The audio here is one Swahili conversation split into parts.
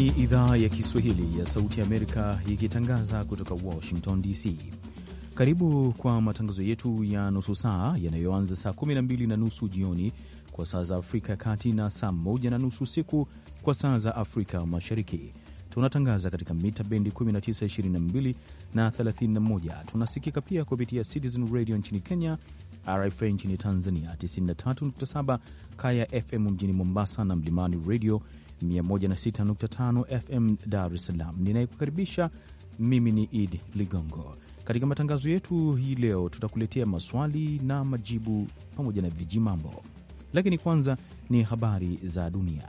ni idhaa ya Kiswahili ya Sauti ya Amerika ikitangaza kutoka Washington DC. Karibu kwa matangazo yetu ya nusu saa yanayoanza saa 12 na nusu jioni kwa saa za Afrika ya Kati na saa 1 na nusu usiku kwa saa za Afrika Mashariki. Tunatangaza katika mita bendi 19, 22 na 31. Tunasikika pia kupitia Citizen Radio nchini Kenya, RFA nchini Tanzania 93.7, Kaya FM mjini Mombasa na Mlimani Radio 106.5 FM Dar es Salaam. Ninayekukaribisha mimi ni Id Ligongo. Katika matangazo yetu hii leo, tutakuletea maswali na majibu pamoja na vijimambo, lakini kwanza ni habari za dunia.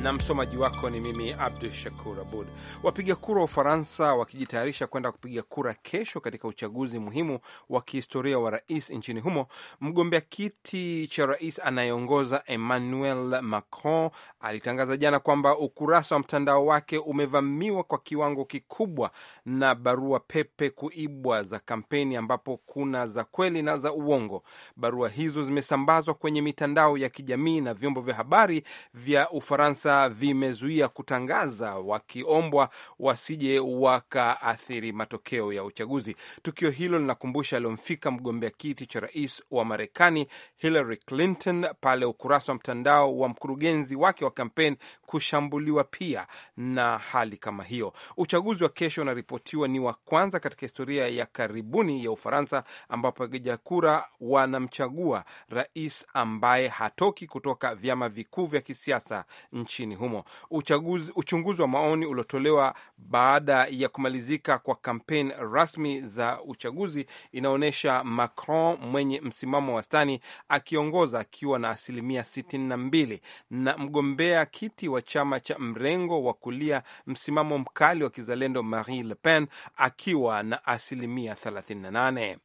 na msomaji wako ni mimi Abdu Shakur Abud. Wapiga kura wa Ufaransa wakijitayarisha kwenda kupiga kura kesho katika uchaguzi muhimu wa kihistoria wa rais nchini humo, mgombea kiti cha rais anayeongoza Emmanuel Macron alitangaza jana kwamba ukurasa wa mtandao wake umevamiwa kwa kiwango kikubwa na barua pepe kuibwa za kampeni, ambapo kuna za kweli na za uongo. Barua hizo zimesambazwa kwenye mitandao ya kijamii na vyombo vya habari vya Ufaransa sasa vimezuia kutangaza, wakiombwa wasije wakaathiri matokeo ya uchaguzi. Tukio hilo linakumbusha aliyomfika mgombea kiti cha rais wa Marekani Hillary Clinton pale ukurasa wa mtandao wa mkurugenzi wake wa kampeni kushambuliwa pia na hali kama hiyo. Uchaguzi wa kesho unaripotiwa ni wa kwanza katika historia ya karibuni ya Ufaransa ambapo wapiga kura wanamchagua rais ambaye hatoki kutoka vyama vikuu vya kisiasa nchi nchini humo. Uchaguzi, uchunguzi wa maoni uliotolewa baada ya kumalizika kwa kampeni rasmi za uchaguzi inaonyesha Macron mwenye msimamo wastani akiongoza akiwa na asilimia 62 na mgombea kiti wa chama cha mrengo wa kulia msimamo mkali wa kizalendo Marine Le Pen akiwa na asilimia 38.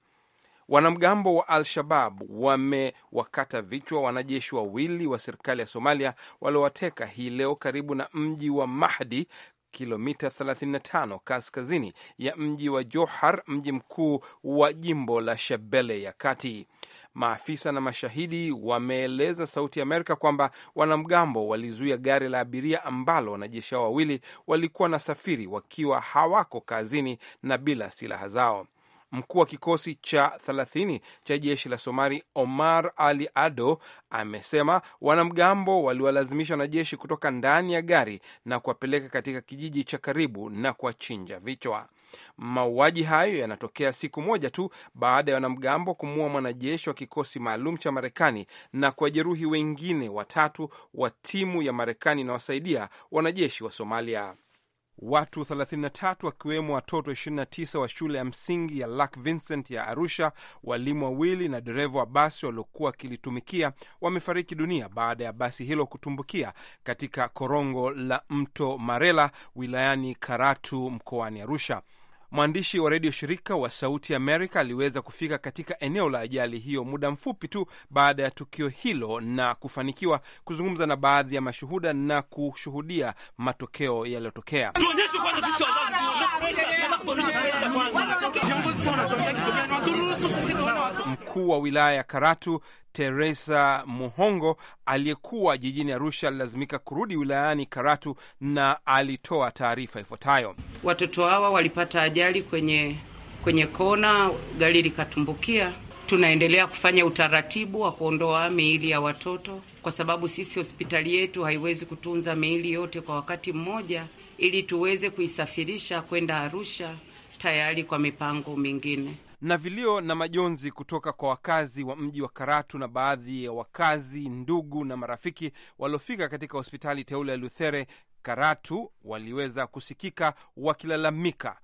Wanamgambo wa Al-Shabab wamewakata vichwa wanajeshi wawili wa serikali ya Somalia waliowateka hii leo karibu na mji wa Mahdi, kilomita 35 kaskazini ya mji wa Johar, mji mkuu wa jimbo la Shebele ya kati. Maafisa na mashahidi wameeleza Sauti Amerika kwamba wanamgambo walizuia gari la abiria ambalo wanajeshi hao wawili walikuwa na safiri wakiwa hawako kazini na bila silaha zao. Mkuu wa kikosi cha 30 cha jeshi la Somali Omar Ali Ado amesema wanamgambo waliwalazimisha wanajeshi kutoka ndani ya gari na kuwapeleka katika kijiji cha karibu na kuwachinja vichwa. Mauaji hayo yanatokea siku moja tu baada ya wanamgambo kumuua mwanajeshi wa kikosi maalum cha Marekani na kuwajeruhi wengine watatu wa timu ya Marekani inawasaidia wanajeshi wa Somalia watu 33 wakiwemo watoto 29 wa shule ya msingi ya Lac Vincent ya Arusha, walimu wawili na dereva wa basi waliokuwa wakilitumikia wamefariki dunia baada ya basi hilo kutumbukia katika korongo la mto Marela wilayani Karatu mkoani Arusha. Mwandishi wa redio shirika wa Sauti Amerika aliweza kufika katika eneo la ajali hiyo muda mfupi tu baada ya tukio hilo na kufanikiwa kuzungumza na baadhi ya mashuhuda na kushuhudia matokeo yaliyotokea. Mkuu wa wilaya ya Karatu Teresa Muhongo aliyekuwa jijini Arusha alilazimika kurudi wilayani Karatu na alitoa taarifa ifuatayo: watoto hawa walipata ajali kwenye kwenye kona, gari likatumbukia. Tunaendelea kufanya utaratibu wa kuondoa miili ya watoto, kwa sababu sisi hospitali yetu haiwezi kutunza miili yote kwa wakati mmoja ili tuweze kuisafirisha kwenda Arusha tayari kwa mipango mingine. Na vilio na majonzi kutoka kwa wakazi wa mji wa Karatu na baadhi ya wakazi, ndugu na marafiki waliofika katika hospitali teule ya Luthere Karatu waliweza kusikika wakilalamika.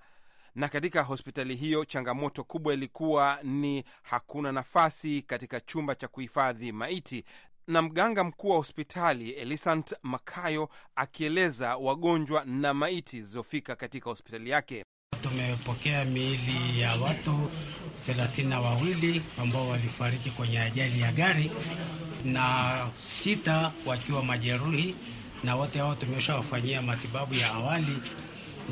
Na katika hospitali hiyo changamoto kubwa ilikuwa ni hakuna nafasi katika chumba cha kuhifadhi maiti, na mganga mkuu wa hospitali Elisant Makayo akieleza wagonjwa na maiti zilizofika katika hospitali yake. Tumepokea miili ya watu thelathini na wawili ambao walifariki kwenye ajali ya gari na sita wakiwa majeruhi, na wote hao tumeshawafanyia matibabu ya awali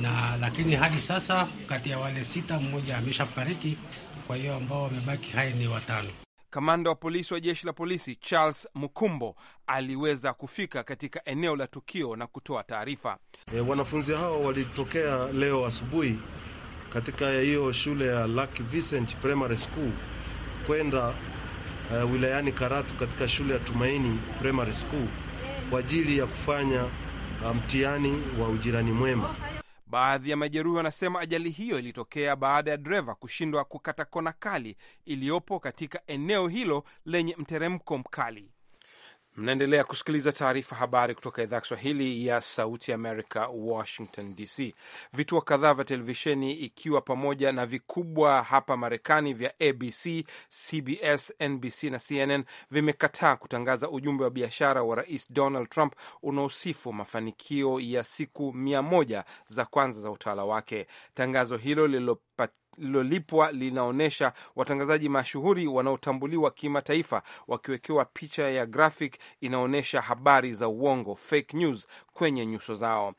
na lakini hadi sasa kati ya wale sita mmoja ameshafariki, kwa hiyo ambao wamebaki hai ni watano. Kamanda wa polisi wa jeshi la polisi Charles Mukumbo aliweza kufika katika eneo la tukio na kutoa taarifa. E, wanafunzi hao walitokea leo asubuhi katika hiyo shule ya Lucky Vincent Primary School kwenda uh, wilayani Karatu katika shule ya Tumaini Primary School kwa ajili ya kufanya e, mtihani um, wa ujirani mwema. Baadhi ya majeruhi wanasema ajali hiyo ilitokea baada ya dreva kushindwa kukata kona kali iliyopo katika eneo hilo lenye mteremko mkali. Mnaendelea kusikiliza taarifa habari kutoka idhaa ya Kiswahili ya Sauti Amerika, Washington DC. Vituo kadhaa vya televisheni ikiwa pamoja na vikubwa hapa Marekani vya ABC, CBS, NBC na CNN vimekataa kutangaza ujumbe wa biashara wa Rais Donald Trump unaosifu mafanikio ya siku mia moja za kwanza za utawala wake. Tangazo hilo lililo lilolipwa linaonyesha watangazaji mashuhuri wanaotambuliwa kimataifa wakiwekewa picha ya graphic inaonyesha habari za uongo fake news kwenye nyuso zao.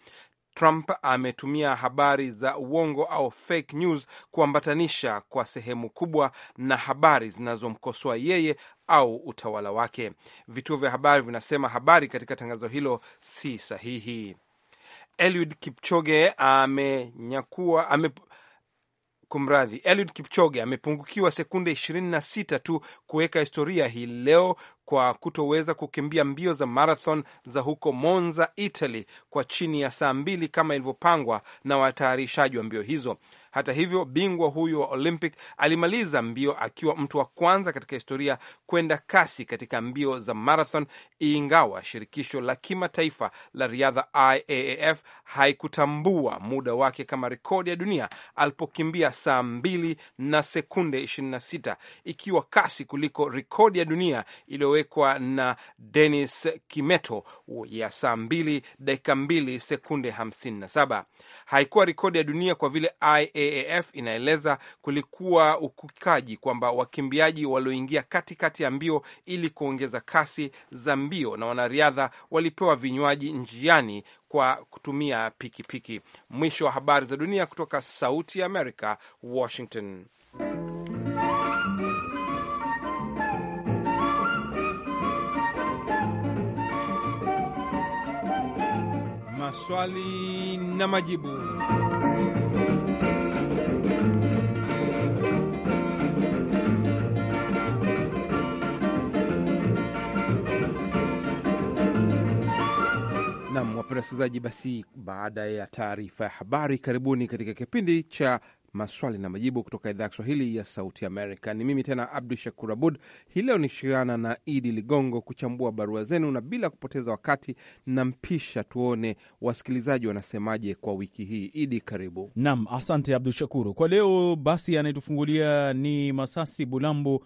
Trump ametumia habari za uongo au fake news kuambatanisha kwa sehemu kubwa na habari zinazomkosoa yeye au utawala wake. Vituo vya habari vinasema habari katika tangazo hilo si sahihi. Eliud Kipchoge amenyakua ame, kumradhi, Eliud Kipchoge amepungukiwa sekunde 26 tu kuweka historia hii leo kwa kutoweza kukimbia mbio za marathon za huko Monza, Italy, kwa chini ya saa mbili kama ilivyopangwa na watayarishaji wa mbio hizo. Hata hivyo, bingwa huyo wa Olympic alimaliza mbio akiwa mtu wa kwanza katika historia kwenda kasi katika mbio za marathon, ingawa shirikisho la kimataifa la riadha IAAF haikutambua muda wake kama rekodi ya dunia alipokimbia saa 2 na sekunde 26, ikiwa kasi kuliko rekodi ya dunia iliyowekwa na denis Kimeto ya saa 2 dakika 2 sekunde 57. Haikuwa rekodi ya dunia kwa vile IAAF AAF inaeleza kulikuwa ukiukaji kwamba wakimbiaji walioingia katikati ya mbio ili kuongeza kasi za mbio na wanariadha walipewa vinywaji njiani kwa kutumia pikipiki piki. Mwisho wa habari za dunia kutoka Sauti ya Amerika, Washington. Maswali na majibu. Nam, wapenda wasikilizaji, basi baada ya taarifa ya habari, karibuni katika kipindi cha maswali na majibu kutoka idhaa ya Kiswahili ya Sauti Amerika. Ni mimi tena Abdu Shakur Abud. Hii leo nishiriana na Idi Ligongo kuchambua barua zenu, na bila kupoteza wakati na mpisha, tuone wasikilizaji wanasemaje kwa wiki hii. Idi, karibu. Nam, asante Abdu Shakuru. Kwa leo basi, anayetufungulia ni Masasi Bulambo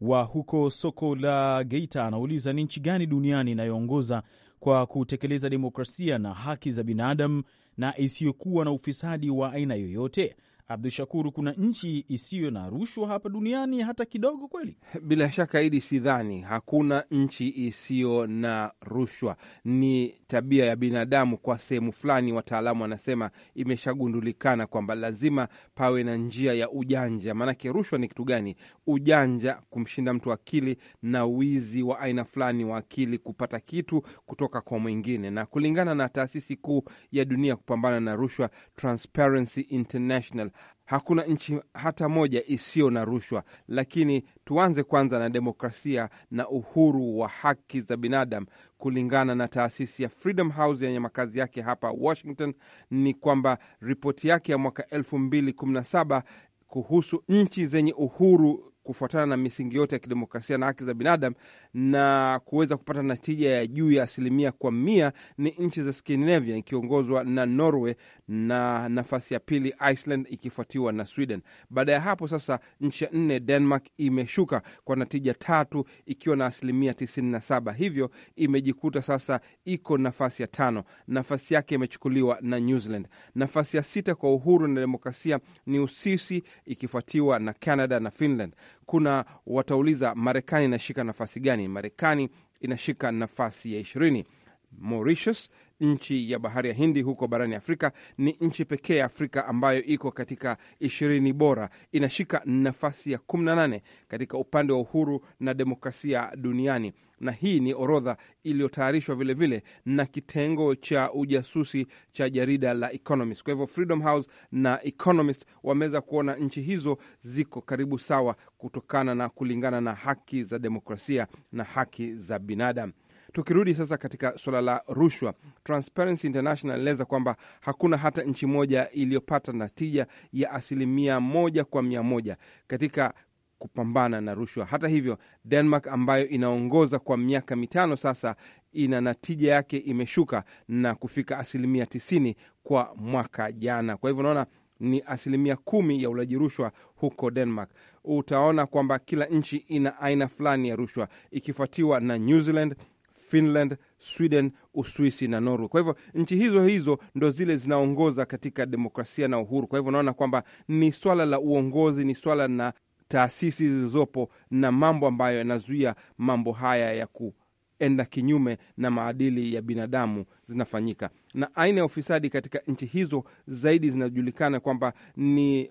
wa huko soko la Geita, anauliza ni nchi gani duniani inayoongoza kwa kutekeleza demokrasia na haki za binadamu na isiyokuwa na ufisadi wa aina yoyote? Abdu Shakuru, kuna nchi isiyo na rushwa hapa duniani hata kidogo kweli? Bila shaka Idi, sidhani hakuna nchi isiyo na rushwa. Ni tabia ya binadamu kwa sehemu fulani. Wataalamu wanasema imeshagundulikana kwamba lazima pawe na njia ya ujanja. Maanake rushwa ni kitu gani? Ujanja, kumshinda mtu akili, na wizi wa aina fulani wa akili, kupata kitu kutoka kwa mwingine. Na kulingana na taasisi kuu ya dunia kupambana na rushwa, Transparency International Hakuna nchi hata moja isiyo na rushwa, lakini tuanze kwanza na demokrasia na uhuru wa haki za binadamu. Kulingana na taasisi ya Freedom House yenye ya makazi yake hapa Washington, ni kwamba ripoti yake ya mwaka 2017 kuhusu nchi zenye uhuru kufuatana na misingi yote ya kidemokrasia na haki za binadamu na kuweza kupata natija ya juu ya asilimia kwa mia ni nchi za sndinavia ikiongozwa na Norway na nafasi ya pili Iceland ikifuatiwa na Sweden. Baada ya hapo sasa, nchi ya nne Denmark imeshuka kwa natija tatu ikiwa na asilimia 97, hivyo imejikuta sasa iko nafasi ya tano. Nafasi yake imechukuliwa na New Zealand. Nafasi ya sita kwa uhuru na demokrasia ni Uswisi ikifuatiwa na Canada na Finland kuna watauliza Marekani inashika nafasi gani? Marekani inashika nafasi ya ishirini. Mauritius nchi ya bahari ya Hindi huko barani Afrika ni nchi pekee ya Afrika ambayo iko katika ishirini bora, inashika nafasi ya nane katika upande wa uhuru na demokrasia duniani na hii ni orodha iliyotayarishwa vilevile na kitengo cha ujasusi cha jarida la Economist. Kwa hivyo Freedom House na Economist wameweza kuona nchi hizo ziko karibu sawa, kutokana na kulingana na haki za demokrasia na haki za binadamu. Tukirudi sasa katika suala la rushwa, Transparency International inaeleza kwamba hakuna hata nchi moja iliyopata natija ya asilimia moja kwa mia moja katika kupambana na rushwa. Hata hivyo, Denmark ambayo inaongoza kwa miaka mitano sasa, ina natija yake imeshuka na kufika asilimia tisini kwa mwaka jana. Kwa hivyo unaona ni asilimia kumi ya ulaji rushwa huko Denmark. Utaona kwamba kila nchi ina aina fulani ya rushwa, ikifuatiwa na New Zealand, Finland, Sweden, Uswisi na Norway. Kwa hivyo nchi hizo hizo ndo zile zinaongoza katika demokrasia na uhuru. Kwa hivyo unaona kwamba ni swala la uongozi, ni swala na taasisi zilizopo na mambo ambayo yanazuia mambo haya ya kuenda kinyume na maadili ya binadamu zinafanyika. Na aina ya ufisadi katika nchi hizo zaidi zinajulikana kwamba ni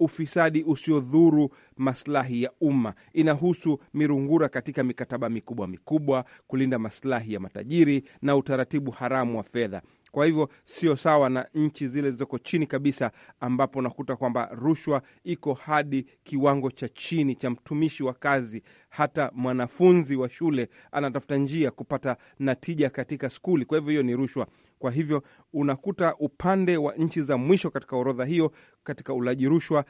ufisadi usiodhuru maslahi ya umma. Inahusu mirungura katika mikataba mikubwa mikubwa, kulinda maslahi ya matajiri na utaratibu haramu wa fedha. Kwa hivyo sio sawa na nchi zile zilizoko chini kabisa, ambapo unakuta kwamba rushwa iko hadi kiwango cha chini cha mtumishi wa kazi. Hata mwanafunzi wa shule anatafuta njia kupata natija katika skuli, kwa hivyo hiyo ni rushwa. Kwa hivyo unakuta upande wa nchi za mwisho katika orodha hiyo katika ulaji rushwa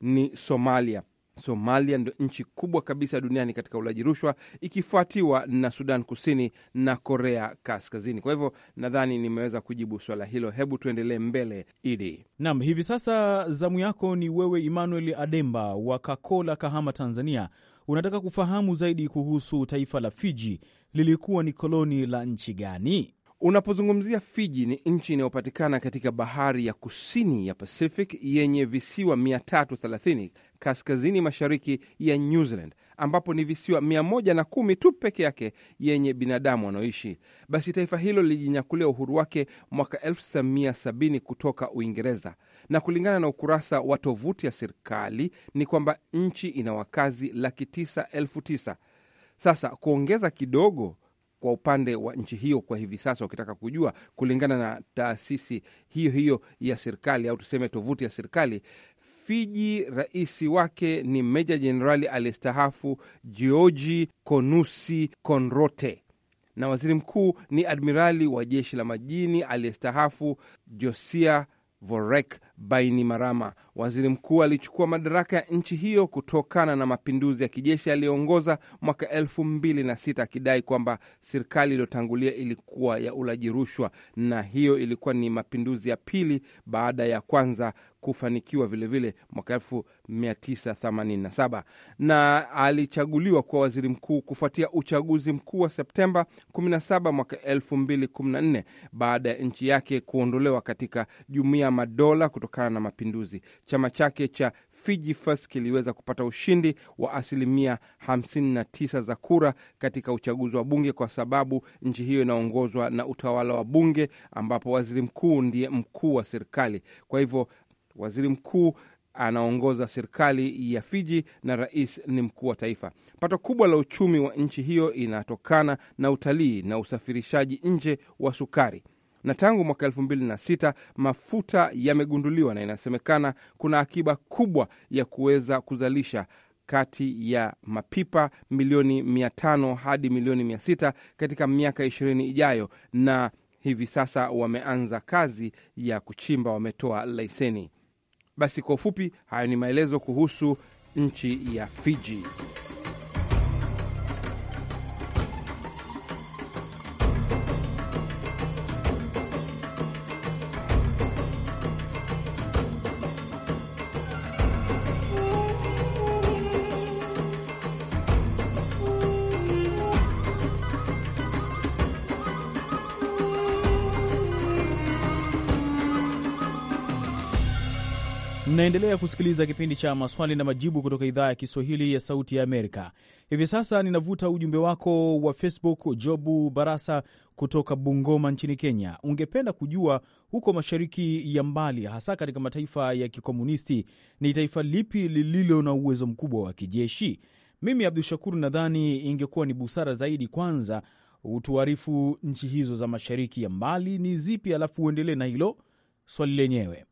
ni Somalia. Somalia ndio nchi kubwa kabisa duniani katika ulaji rushwa, ikifuatiwa na Sudan Kusini na Korea Kaskazini. Kwa hivyo nadhani nimeweza kujibu swala hilo. Hebu tuendelee mbele, Idi. Naam, hivi sasa zamu yako ni wewe, Emmanuel Ademba wa Kakola, Kahama, Tanzania. Unataka kufahamu zaidi kuhusu taifa la Fiji, lilikuwa ni koloni la nchi gani? Unapozungumzia Fiji, ni nchi inayopatikana katika bahari ya kusini ya Pacific yenye visiwa 330 kaskazini mashariki ya New Zealand, ambapo ni visiwa 110 tu peke yake yenye binadamu wanaoishi. Basi taifa hilo lilijinyakulia uhuru wake mwaka 1970 kutoka Uingereza, na kulingana na ukurasa wa tovuti ya serikali ni kwamba nchi ina wakazi laki 99 elfu Sasa kuongeza kidogo kwa upande wa nchi hiyo kwa hivi sasa, wakitaka kujua, kulingana na taasisi hiyo hiyo ya serikali au tuseme tovuti ya serikali Fiji, rais wake ni meja jenerali aliyestahafu Georgi Konusi Konrote na waziri mkuu ni admirali wa jeshi la majini aliyestahafu Josia Vorek Bainimarama. Waziri mkuu alichukua madaraka ya nchi hiyo kutokana na mapinduzi ya kijeshi aliyoongoza mwaka elfu mbili na sita akidai kwamba serikali iliyotangulia ilikuwa ya ulaji rushwa, na hiyo ilikuwa ni mapinduzi ya pili baada ya kwanza kufanikiwa vilevile mwaka 1987 na alichaguliwa kuwa waziri mkuu kufuatia uchaguzi mkuu wa Septemba 17 mwaka 2014 baada ya nchi yake kuondolewa katika jumuiya ya madola kutokana na mapinduzi. Chama chake cha Fiji First kiliweza kupata ushindi wa asilimia 59 za kura katika uchaguzi wa bunge, kwa sababu nchi hiyo inaongozwa na utawala wa bunge, ambapo waziri mkuu ndiye mkuu wa serikali. Kwa hivyo waziri mkuu anaongoza serikali ya Fiji na rais ni mkuu wa taifa. Pato kubwa la uchumi wa nchi hiyo inatokana na utalii na usafirishaji nje wa sukari na tangu mwaka elfu mbili na sita mafuta yamegunduliwa na inasemekana kuna akiba kubwa ya kuweza kuzalisha kati ya mapipa milioni mia tano hadi milioni mia sita katika miaka ishirini ijayo. Na hivi sasa wameanza kazi ya kuchimba, wametoa leseni. Basi kwa ufupi, hayo ni maelezo kuhusu nchi ya Fiji. Mnaendelea kusikiliza kipindi cha maswali na majibu kutoka idhaa ya Kiswahili ya Sauti ya Amerika. Hivi sasa ninavuta ujumbe wako wa Facebook. Jobu Barasa kutoka Bungoma nchini Kenya, ungependa kujua huko mashariki ya mbali, hasa katika mataifa ya kikomunisti, ni taifa lipi lililo na uwezo mkubwa wa kijeshi? Mimi Abdu Shakuru, nadhani ingekuwa ni busara zaidi kwanza utuarifu nchi hizo za mashariki ya mbali ni zipi, alafu uendelee na hilo swali lenyewe.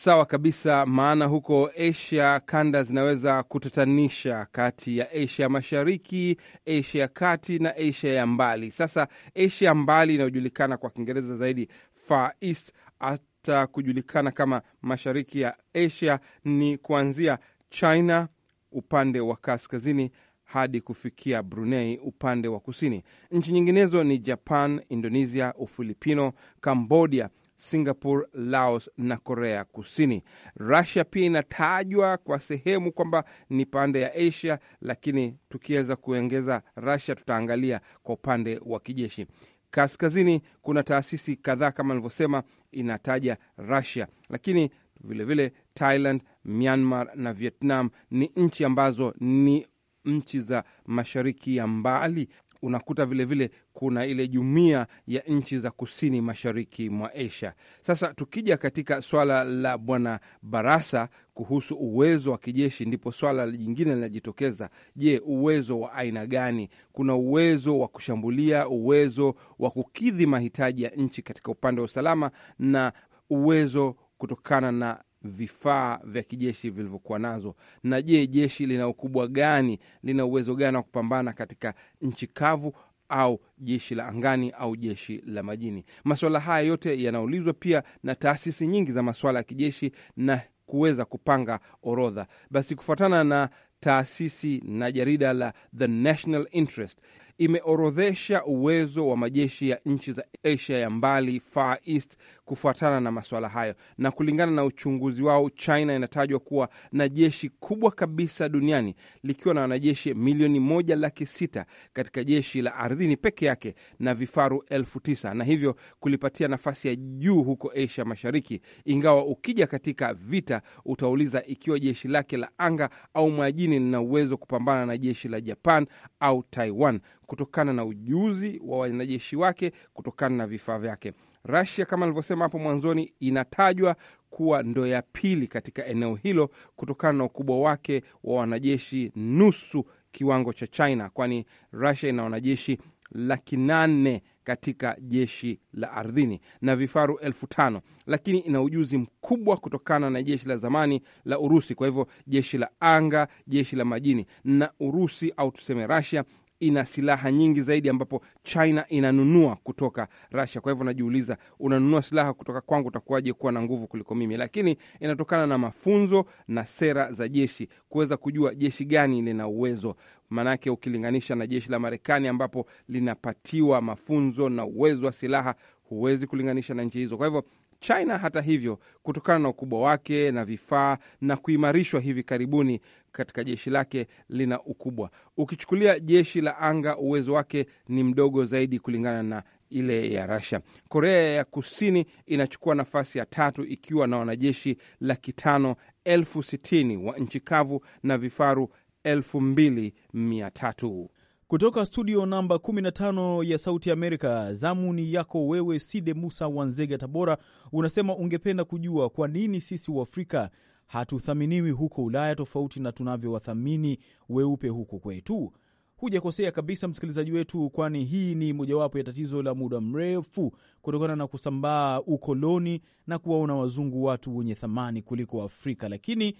Sawa kabisa, maana huko Asia kanda zinaweza kutatanisha kati ya Asia Mashariki, Asia ya kati na Asia ya mbali. Sasa Asia ya mbali inayojulikana kwa Kiingereza zaidi Far East, hata kujulikana kama mashariki ya Asia ni kuanzia China upande wa kaskazini hadi kufikia Brunei upande wa kusini. Nchi nyinginezo ni Japan, Indonesia, Ufilipino, Kambodia Singapore, Laos na Korea Kusini. Rusia pia inatajwa kwa sehemu kwamba ni pande ya Asia, lakini tukiweza kuongeza Rusia tutaangalia kwa upande wa kijeshi. Kaskazini kuna taasisi kadhaa kama nilivyosema, inataja Rusia, lakini vilevile vile Thailand, Myanmar na Vietnam ni nchi ambazo ni nchi za mashariki ya mbali unakuta vilevile vile kuna ile jumuiya ya nchi za kusini mashariki mwa Asia. Sasa tukija katika swala la bwana Barasa kuhusu uwezo wa kijeshi, ndipo swala jingine linajitokeza. Je, uwezo wa aina gani? Kuna uwezo wa kushambulia, uwezo wa kukidhi mahitaji ya nchi katika upande wa usalama, na uwezo kutokana na vifaa vya kijeshi vilivyokuwa nazo, na je, jeshi lina ukubwa gani, lina uwezo gani wa kupambana katika nchi kavu au jeshi la angani au jeshi la majini. Masuala haya yote yanaulizwa pia na taasisi nyingi za masuala ya kijeshi na kuweza kupanga orodha. Basi kufuatana na taasisi na jarida la The National Interest imeorodhesha uwezo wa majeshi ya nchi za Asia ya mbali Far East kufuatana na masuala hayo, na kulingana na uchunguzi wao, China inatajwa kuwa na jeshi kubwa kabisa duniani likiwa na wanajeshi milioni moja laki sita katika jeshi la ardhini peke yake na vifaru elfu tisa na hivyo kulipatia nafasi ya juu huko Asia Mashariki, ingawa ukija katika vita utauliza ikiwa jeshi lake la anga au majini lina uwezo kupambana na jeshi la Japan au Taiwan kutokana na ujuzi wa wanajeshi wake, kutokana na vifaa vyake. Rasia kama alivyosema hapo mwanzoni, inatajwa kuwa ndo ya pili katika eneo hilo kutokana na ukubwa wake wa wanajeshi, nusu kiwango cha China, kwani Rasia ina wanajeshi laki nane katika jeshi la ardhini na vifaru elfu tano lakini ina ujuzi mkubwa kutokana na jeshi la zamani la Urusi. Kwa hivyo jeshi la anga, jeshi la majini, na Urusi au tuseme Rasia ina silaha nyingi zaidi, ambapo China inanunua kutoka Russia. Kwa hivyo najiuliza, unanunua silaha kutoka kwangu, utakuwaje kuwa na nguvu kuliko mimi? Lakini inatokana na mafunzo na sera za jeshi, kuweza kujua jeshi gani lina uwezo Maanake ukilinganisha na jeshi la Marekani ambapo linapatiwa mafunzo na uwezo wa silaha, huwezi kulinganisha na nchi hizo. Kwa hivyo China hata hivyo, kutokana na ukubwa wake na vifaa na kuimarishwa hivi karibuni katika jeshi lake, lina ukubwa. Ukichukulia jeshi la anga, uwezo wake ni mdogo zaidi kulingana na ile ya rasia Korea ya Kusini inachukua nafasi ya tatu ikiwa na wanajeshi laki tano elfu sitini wa nchi kavu na vifaru elfu mbili mia tatu. Kutoka studio namba 15 ya Sauti Amerika, zamu ni yako wewe, Side Musa Wanzega, Tabora. Unasema ungependa kujua kwa nini sisi Waafrika hatuthaminiwi huko Ulaya tofauti na tunavyowathamini weupe huko kwetu. Hujakosea kabisa msikilizaji wetu, kwani hii ni mojawapo ya tatizo la muda mrefu kutokana na kusambaa ukoloni na kuwaona wazungu watu wenye thamani kuliko afrika Lakini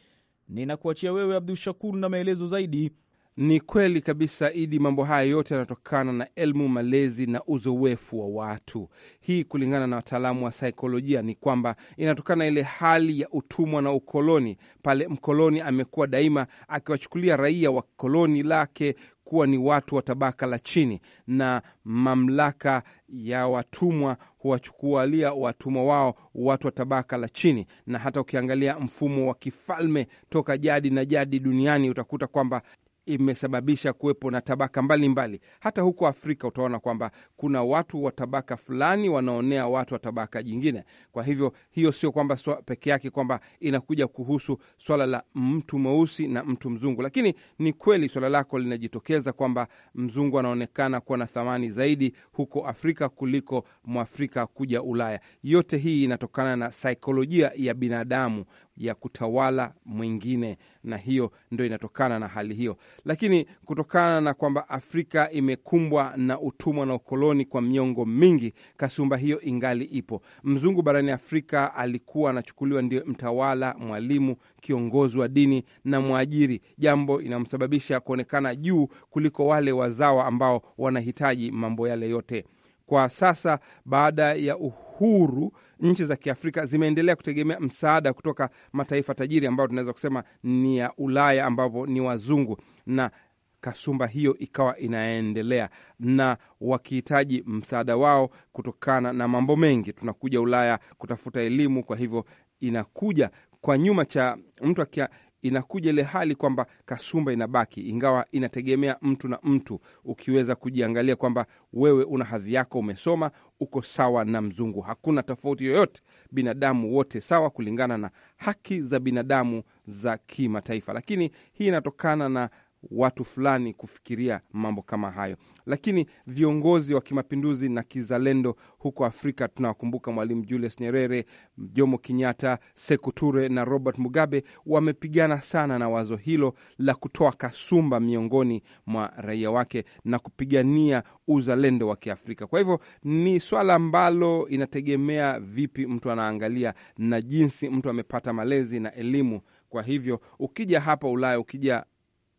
ninakuachia wewe Abdu Shakur na maelezo zaidi ni kweli kabisa, Idi. Mambo haya yote yanatokana na elmu malezi na uzoefu wa watu. Hii kulingana na wataalamu wa saikolojia ni kwamba inatokana ile hali ya utumwa na ukoloni, pale mkoloni amekuwa daima akiwachukulia raia wa koloni lake kuwa ni watu wa tabaka la chini, na mamlaka ya watumwa huwachukualia watumwa wao watu wa tabaka la chini. Na hata ukiangalia mfumo wa kifalme toka jadi na jadi duniani utakuta kwamba imesababisha kuwepo na tabaka mbalimbali mbali. Hata huko Afrika utaona kwamba kuna watu wa tabaka fulani wanaonea watu wa tabaka jingine. Kwa hivyo hiyo sio kwamba peke yake kwamba inakuja kuhusu swala la mtu mweusi na mtu mzungu, lakini ni kweli swala lako linajitokeza kwamba mzungu anaonekana kuwa na thamani zaidi huko Afrika kuliko mwafrika kuja Ulaya. Yote hii inatokana na saikolojia ya binadamu ya kutawala mwingine, na hiyo ndo inatokana na hali hiyo. Lakini kutokana na kwamba Afrika imekumbwa na utumwa na ukoloni kwa miongo mingi, kasumba hiyo ingali ipo. Mzungu barani Afrika alikuwa anachukuliwa ndio mtawala, mwalimu, kiongozi wa dini na mwajiri, jambo inamsababisha kuonekana juu kuliko wale wazawa ambao wanahitaji mambo yale yote kwa sasa baada ya uhu huru, nchi za Kiafrika zimeendelea kutegemea msaada kutoka mataifa tajiri ambayo tunaweza kusema ni ya Ulaya, ambapo ni wazungu na kasumba hiyo ikawa inaendelea na wakihitaji msaada wao kutokana na mambo mengi. Tunakuja Ulaya kutafuta elimu, kwa hivyo inakuja kwa nyuma cha mtu akia inakuja ile hali kwamba kasumba inabaki, ingawa inategemea mtu na mtu. Ukiweza kujiangalia kwamba wewe una hadhi yako, umesoma, uko sawa na mzungu, hakuna tofauti yoyote, binadamu wote sawa kulingana na haki za binadamu za kimataifa. Lakini hii inatokana na watu fulani kufikiria mambo kama hayo. Lakini viongozi wa kimapinduzi na kizalendo huko Afrika tunawakumbuka Mwalimu Julius Nyerere, Jomo Kenyatta, Sekou Toure na Robert Mugabe wamepigana sana na wazo hilo la kutoa kasumba miongoni mwa raia wake na kupigania uzalendo wa Kiafrika. Kwa hivyo ni swala ambalo inategemea vipi mtu anaangalia na jinsi mtu amepata malezi na elimu. Kwa hivyo ukija hapa Ulaya, ukija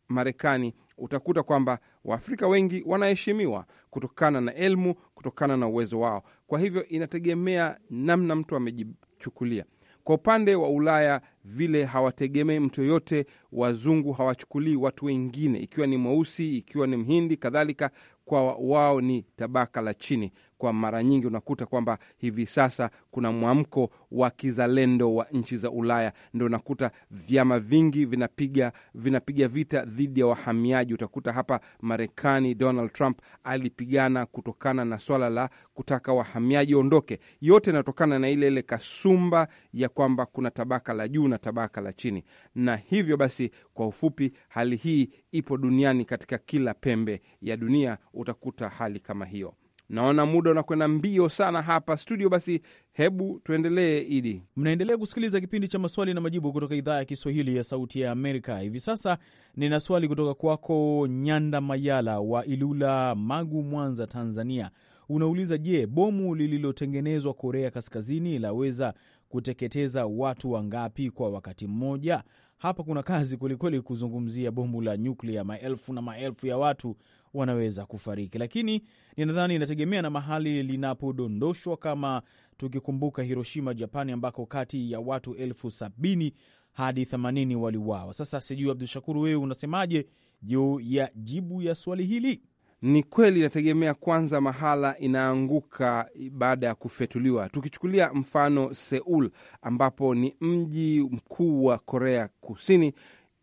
Marekani utakuta kwamba Waafrika wengi wanaheshimiwa kutokana na elmu kutokana na uwezo wao. Kwa hivyo inategemea namna mtu amejichukulia. Kwa upande wa Ulaya vile hawategemei mtu yoyote. Wazungu hawachukulii watu wengine, ikiwa ni mweusi, ikiwa ni mhindi kadhalika, kwa wao ni tabaka la chini kwa mara nyingi unakuta kwamba hivi sasa kuna mwamko wa kizalendo wa nchi za Ulaya, ndio unakuta vyama vingi vinapiga vinapiga vita dhidi ya wahamiaji. Utakuta hapa Marekani Donald Trump alipigana kutokana na swala la kutaka wahamiaji ondoke Yote inatokana na ile ile kasumba ya kwamba kuna tabaka la juu na tabaka la chini, na hivyo basi, kwa ufupi, hali hii ipo duniani katika kila pembe ya dunia utakuta hali kama hiyo. Naona muda unakwenda mbio sana hapa studio. Basi hebu tuendelee, Idi. Mnaendelea kusikiliza kipindi cha maswali na majibu kutoka idhaa ya Kiswahili ya Sauti ya Amerika. Hivi sasa nina swali kutoka kwako Nyanda Mayala wa Ilula, Magu, Mwanza, Tanzania. Unauliza, je, bomu lililotengenezwa Korea Kaskazini laweza kuteketeza watu wangapi kwa wakati mmoja? hapa kuna kazi kwelikweli kuzungumzia bomu la nyuklia, maelfu na maelfu ya watu wanaweza kufariki, lakini ninadhani inategemea na mahali linapodondoshwa. Kama tukikumbuka Hiroshima, Japani, ambako kati ya watu elfu sabini hadi 80 waliuawa. Sasa sijui Abdu Shakuru, wewe unasemaje juu ya jibu ya swali hili? Ni kweli inategemea kwanza mahala inaanguka baada ya kufyatuliwa. Tukichukulia mfano Seul, ambapo ni mji mkuu wa Korea Kusini,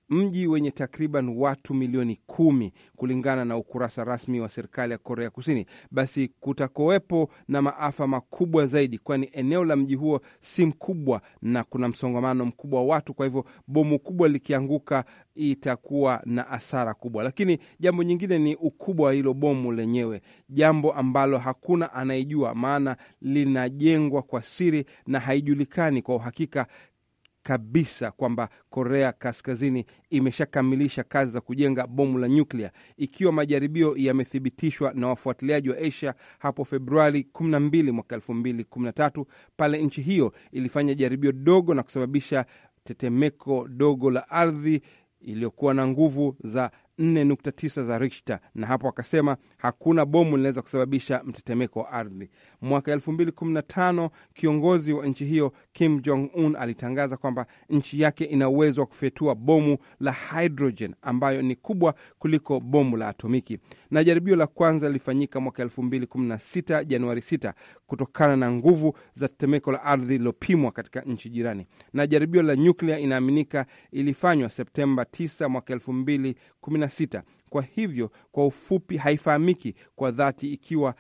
mji wenye takriban watu milioni kumi kulingana na ukurasa rasmi wa serikali ya Korea Kusini, basi kutakowepo na maafa makubwa zaidi, kwani eneo la mji huo si mkubwa na kuna msongamano mkubwa wa watu. Kwa hivyo bomu kubwa likianguka itakuwa na hasara kubwa. Lakini jambo nyingine ni ukubwa wa hilo bomu lenyewe, jambo ambalo hakuna anayejua, maana linajengwa kwa siri na haijulikani kwa uhakika kabisa kwamba Korea Kaskazini imeshakamilisha kazi za kujenga bomu la nyuklia, ikiwa majaribio yamethibitishwa na wafuatiliaji wa Asia hapo Februari 12 mwaka 2013 pale nchi hiyo ilifanya jaribio dogo na kusababisha tetemeko dogo la ardhi iliyokuwa na nguvu za 4.9 za Richter, na hapo akasema hakuna bomu linaweza kusababisha mtetemeko wa ardhi. Mwaka 2015 kiongozi wa nchi hiyo Kim Jong Un alitangaza kwamba nchi yake ina uwezo wa kufyatua bomu la hydrogen ambayo ni kubwa kuliko bomu la atomiki. Na jaribio la kwanza lilifanyika mwaka 2016 Januari 6 kutokana na nguvu za tetemeko la ardhi lilopimwa katika nchi jirani. Na jaribio la nyuklia inaaminika ilifanywa Septemba 9 mwaka 2016. Kwa hivyo, kwa ufupi, haifahamiki kwa dhati ikiwa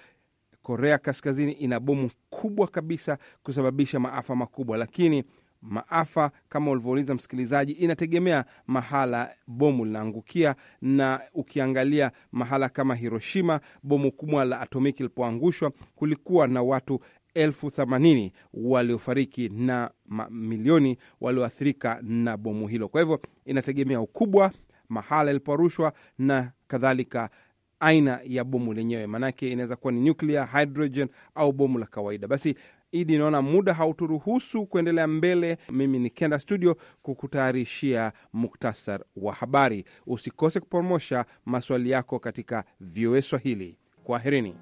Korea Kaskazini ina bomu kubwa kabisa kusababisha maafa makubwa, lakini maafa kama ulivyouliza msikilizaji, inategemea mahala bomu linaangukia, na ukiangalia mahala kama Hiroshima, bomu kubwa la atomiki lilipoangushwa, kulikuwa na watu elfu themanini waliofariki na mamilioni walioathirika na bomu hilo. Kwa hivyo inategemea ukubwa, mahala iliporushwa na kadhalika, aina ya bomu lenyewe, maanake inaweza kuwa ni nuclear, hydrogen au bomu la kawaida. Basi Idi, naona muda hauturuhusu kuendelea mbele. Mimi nikienda studio kukutayarishia muktasar wa habari. Usikose kupromosha maswali yako katika VOA Swahili. Kwaherini.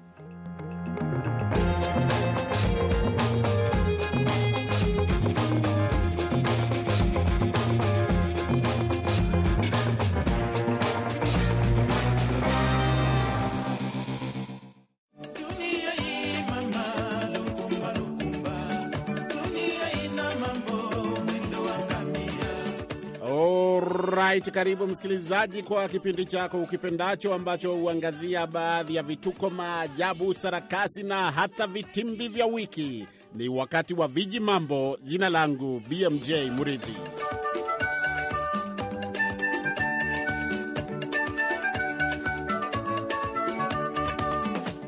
right, karibu msikilizaji kwa kipindi chako ukipendacho ambacho huangazia baadhi ya vituko, maajabu, sarakasi na hata vitimbi vya wiki. Ni wakati wa viji mambo. Jina langu BMJ Muridhi.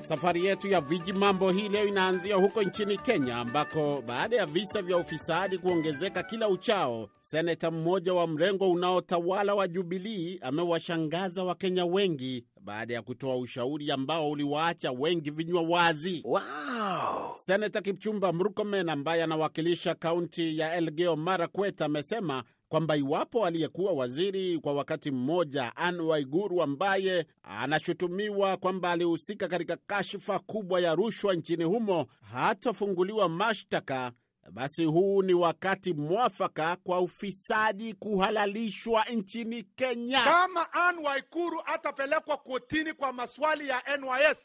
Safari yetu ya viji mambo hii leo inaanzia huko nchini Kenya, ambako baada ya visa vya ufisadi kuongezeka kila uchao, seneta mmoja wa mrengo unaotawala wa Jubilii amewashangaza Wakenya wengi baada ya kutoa ushauri ambao uliwaacha wengi vinywa wazi. Wow. Seneta Kipchumba Murkomen ambaye anawakilisha kaunti ya Elgeyo Marakwet amesema kwamba iwapo aliyekuwa waziri kwa wakati mmoja Anne Waiguru ambaye anashutumiwa kwamba alihusika katika kashfa kubwa ya rushwa nchini humo hatafunguliwa mashtaka, basi huu ni wakati mwafaka kwa ufisadi kuhalalishwa nchini Kenya. Kama Anne Waiguru atapelekwa kotini kwa maswali ya NYS,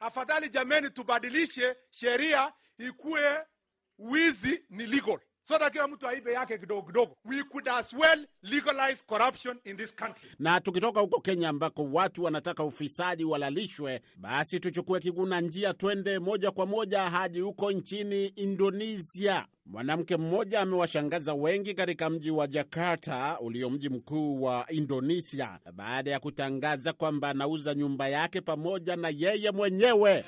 afadhali jameni, tubadilishe sheria ikuwe wizi ni legal so that kila mtu aibe yake kidogo kidogo. We could as well legalize corruption in this country. Na tukitoka huko Kenya ambako watu wanataka ufisadi walalishwe, basi tuchukue kiguna njia twende moja kwa moja hadi huko nchini Indonesia. Mwanamke mmoja amewashangaza wengi katika mji wa Jakarta ulio mji mkuu wa Indonesia baada ya kutangaza kwamba anauza nyumba yake pamoja na yeye mwenyewe.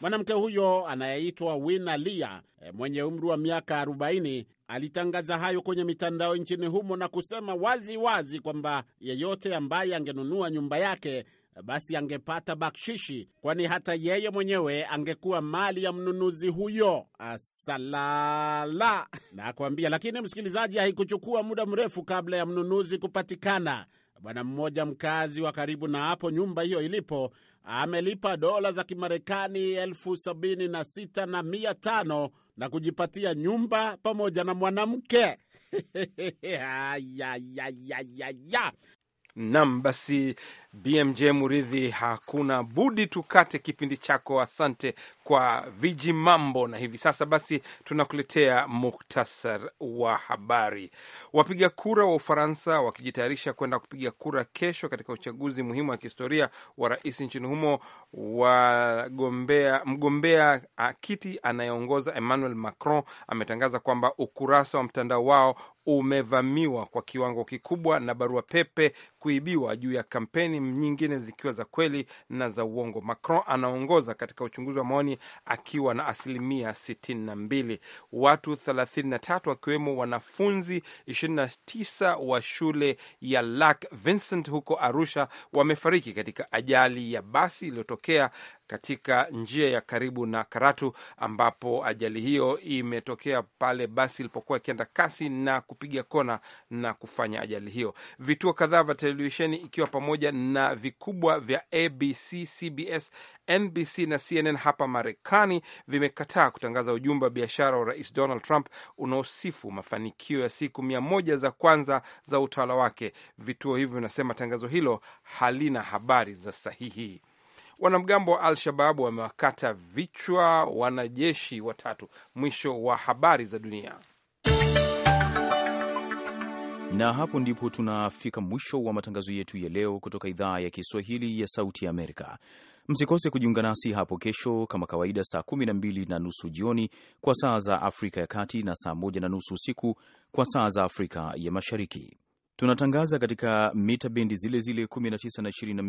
Mwanamke huyo anayeitwa Wina Lia e, mwenye umri wa miaka 40 alitangaza hayo kwenye mitandao nchini humo na kusema wazi wazi kwamba yeyote ambaye angenunua nyumba yake e, basi angepata bakshishi, kwani hata yeye mwenyewe angekuwa mali ya mnunuzi huyo. Asalala na kuambia. Lakini msikilizaji, haikuchukua muda mrefu kabla ya mnunuzi kupatikana. Bwana mmoja mkazi wa karibu na hapo nyumba hiyo ilipo amelipa dola za Kimarekani elfu sabini na sita na mia tano na kujipatia nyumba pamoja na mwanamke. ya, ya, ya, ya, ya. Nam, basi BMJ Muridhi, hakuna budi tukate kipindi chako. Asante kwa viji mambo. Na hivi sasa basi tunakuletea muktasar wa habari. Wapiga kura wa Ufaransa wakijitayarisha kwenda kupiga kura kesho katika uchaguzi muhimu wa kihistoria wa rais nchini humo, wagombea mgombea kiti anayeongoza Emmanuel Macron ametangaza kwamba ukurasa wa mtandao wao umevamiwa kwa kiwango kikubwa na barua pepe kuibiwa juu ya kampeni nyingine zikiwa za kweli na za uongo. Macron anaongoza katika uchunguzi wa maoni akiwa na asilimia 62. Watu 33 wakiwemo wanafunzi 29 wa shule ya Lac Vincent huko Arusha wamefariki katika ajali ya basi iliyotokea katika njia ya karibu na Karatu ambapo ajali hiyo imetokea pale basi ilipokuwa ikienda kasi na kupiga kona na kufanya ajali hiyo. Vituo kadhaa vya televisheni ikiwa pamoja na vikubwa vya ABC, CBS, NBC na CNN hapa Marekani vimekataa kutangaza ujumbe wa biashara wa Rais Donald Trump unaosifu mafanikio ya siku mia moja za kwanza za utawala wake. Vituo hivyo vinasema tangazo hilo halina habari za sahihi. Wanamgambo wa Al-Shabab wamewakata vichwa wanajeshi watatu. Mwisho wa habari za dunia. Na hapo ndipo tunafika mwisho wa matangazo yetu ya leo kutoka idhaa ya Kiswahili ya Sauti ya Amerika. Msikose kujiunga nasi hapo kesho kama kawaida, saa 12 na nusu jioni kwa saa za Afrika ya Kati na saa 1 na nusu usiku kwa saa za Afrika ya Mashariki. Tunatangaza katika mita bendi zile zile 19 na 22.